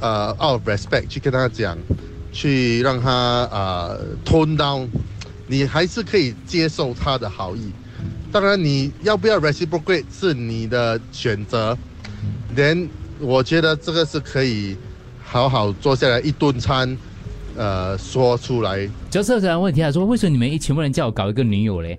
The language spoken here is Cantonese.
呃，out of respect 去跟他講，去讓他啊 tone down，你還是可以接受他的好意。當然你要不要 reciprocate 是你的選擇。Then、嗯、我覺得這個是可以好好坐下來一頓餐，呃，說出來。是這個問題，啊，說：，為什麼你們一全部人叫我搞一個女友嘞？